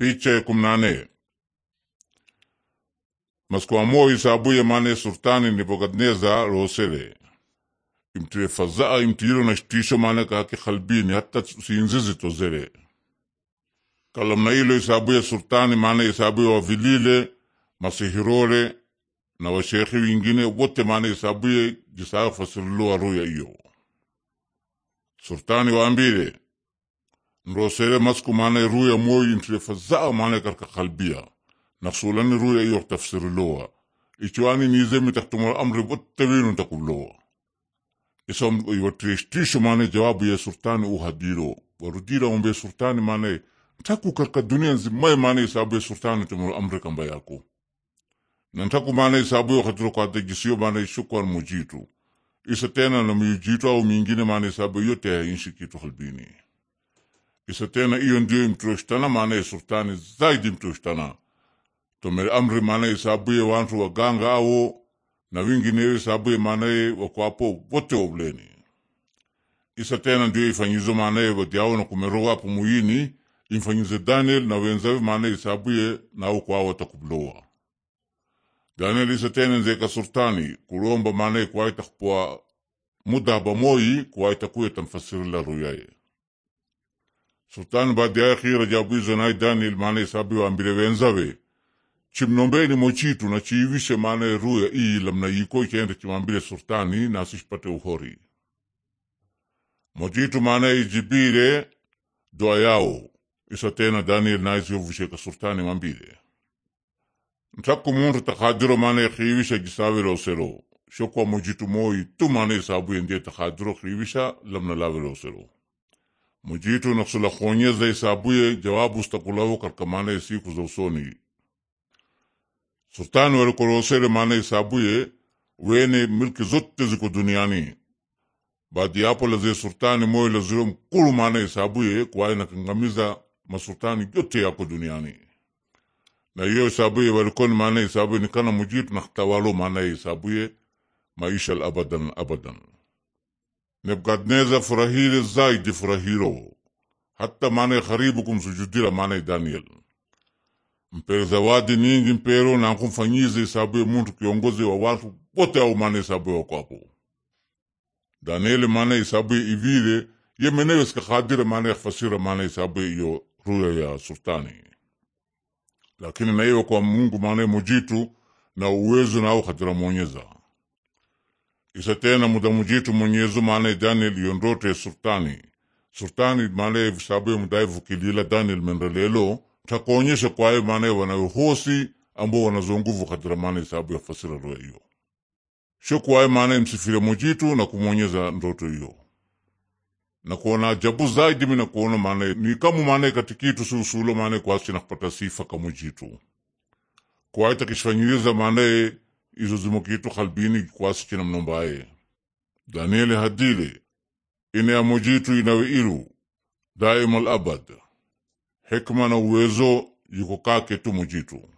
piche kumnane maskuamoo isabuye mane sultani Nebukadneza losele imtire fazaa imtiro na shtisho mane kake khalbini hata sinzizi tozele kalamna ilo isabuye sultani mane isabuye wavilile masihirole na washekhi wingine wote mane isabuye jisayo fasiriluwa ruya iyo sultani waambile ndosere sere masku maana ruya moyo intrefazaa mana karka kalbia naksulani ruya iyo tafsiriloa ichwani nizemi taktumara amri wottewinu takubloa iwatrestisho maana jawabu ya sultani uhadiro warudira ombe sultani maana ntaku karka dunia nzimaye maana isabu ya sultani tumara amri kamba yako na ntaku isabu ya khatiro kwa dajisiyo maana shukran mujitu isa tena na mujitu au mingine maana isabu yote ya inshi kitu halbini Isa tena hiyo ndio imtoshitana maana ya sultani zaidi imtoshitana tomere amri maana ya isabuye wantu waganga awo na wingineyo isabuye maana ya wakwapo wote wauleni isa tena ndio ifanyizo maana ya wadiawo na kumero wapo muyini imfanyize Daniel na wenzawe maana ya isabuye nao kwao watakubulowa Daniel isa tena nzeka sultani kulomba maana ya kwaitakupoa muda bamoyi kwaitakuye tamfasirila ruyaye sultani badiakhira jaubwiza nai daniel maana isabiwa ambile wenzawe chimnombeni mochitu na chiiwishe maana eruya iilamna yiko ichenda chimambile sultani nasishipate uhori mochitu maana ijibile dua yao isatena daniel naisiovisheka sultani mambile ntaku muntu takadiro maana ikhiiwisha gisaweloselo shokuwa mojitu moi tu maana isabuye ndiye takadiro khiiwisha lamna laveloselo mujitu nakusalakonyeza isabuye jawabu ustakulawo katika maana ya siku za usoni sultani walikorosele maana isabuye wene milki zote ziko duniani baadi yapo laze sultani moyo laziro mkulu maana isabuye kwaye nakangamiza masultani yote yako duniani na iyo isabuye walikoni maana isabuye nikana mujitu nakatawalo maana isabuye maisha abadan abadan Nebukadnezar furahire zaidi furahiro hata maana kharibu kumsujudira mane Daniel mpere zawadi ningi mpero nankumfanyize isabu ya muntu kiongozi wa watu wote au mane isabu ya wakwapo Daniel mane isabu ya ivire yemenewe sikakhadira mane ya khfasira maana isabu iyo ruya ya sultani lakini naiwe kwa Mungu mane mujitu na uwezo nao khadira monyeza isa tena muda mujitu mwenyezu maanaye daniel yondote sultani sultani maanaye visabuye mudaye vukilila daniel menrelelo takoonyesha kwaye maanaye wanayohosi ambao wanazonguvu kadira maana isabu ya fasira roya hiyo shokwaye maanaye msifire mujitu na kumwonyeza ndoto iyo na kuona ajabu zaidi mina kuona maanaye ni kamu maanaye katikitu suusulo maanaye kwa na kupata sifa kamujitu kwaye takishfanyiriza maanaye izozimokitu khalbini kwasichina mnombaye danieli hadile ine amujitu inawe iru daima al abad hekma na uwezo yuko kake tu mujitu